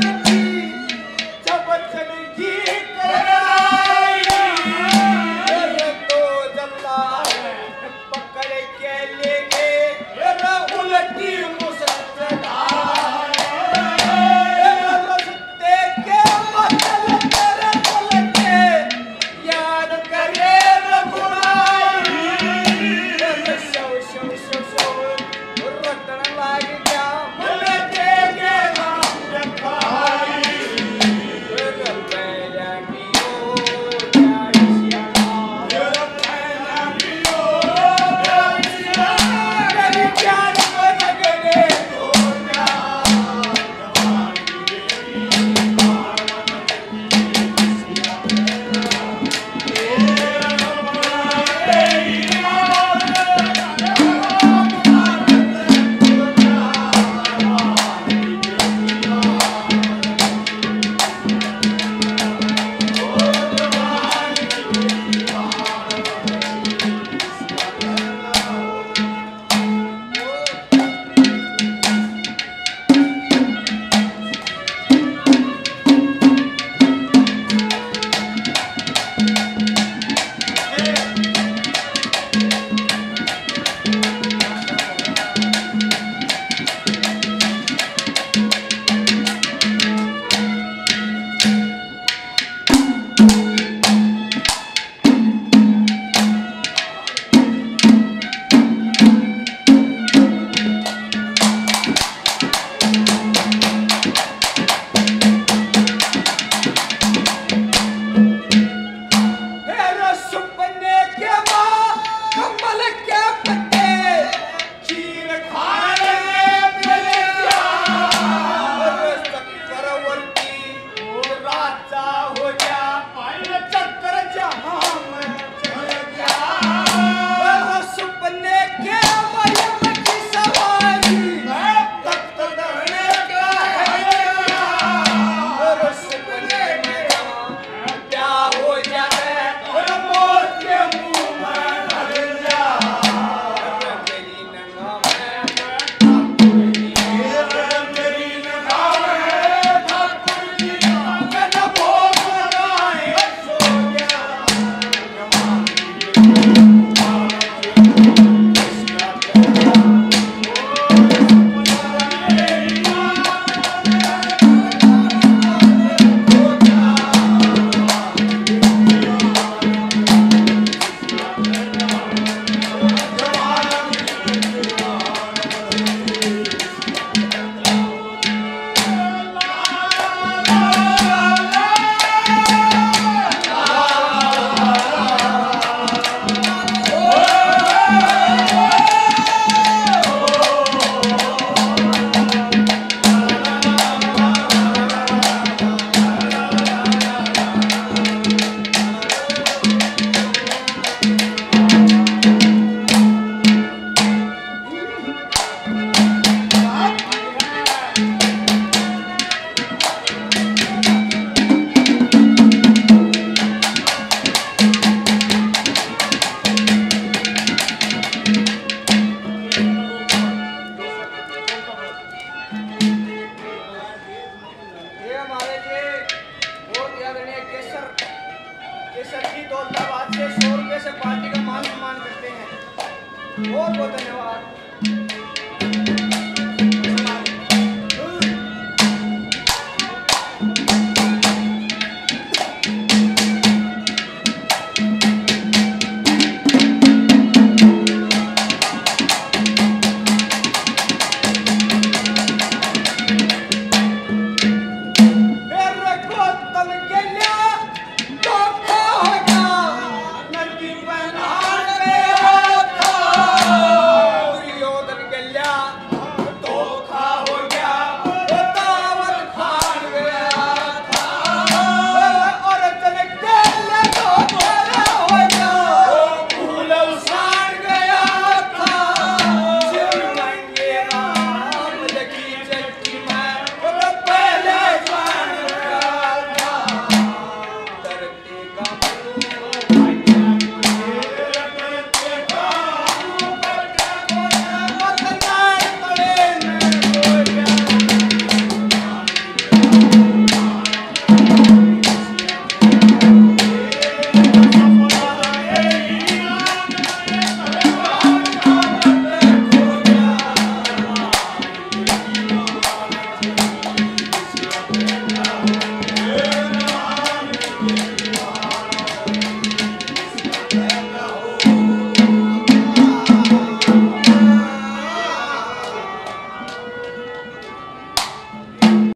Thank you. दो सौ रुपये से पार्टी का मान सम्मान करते हैं बहुत बहुत धन्यवाद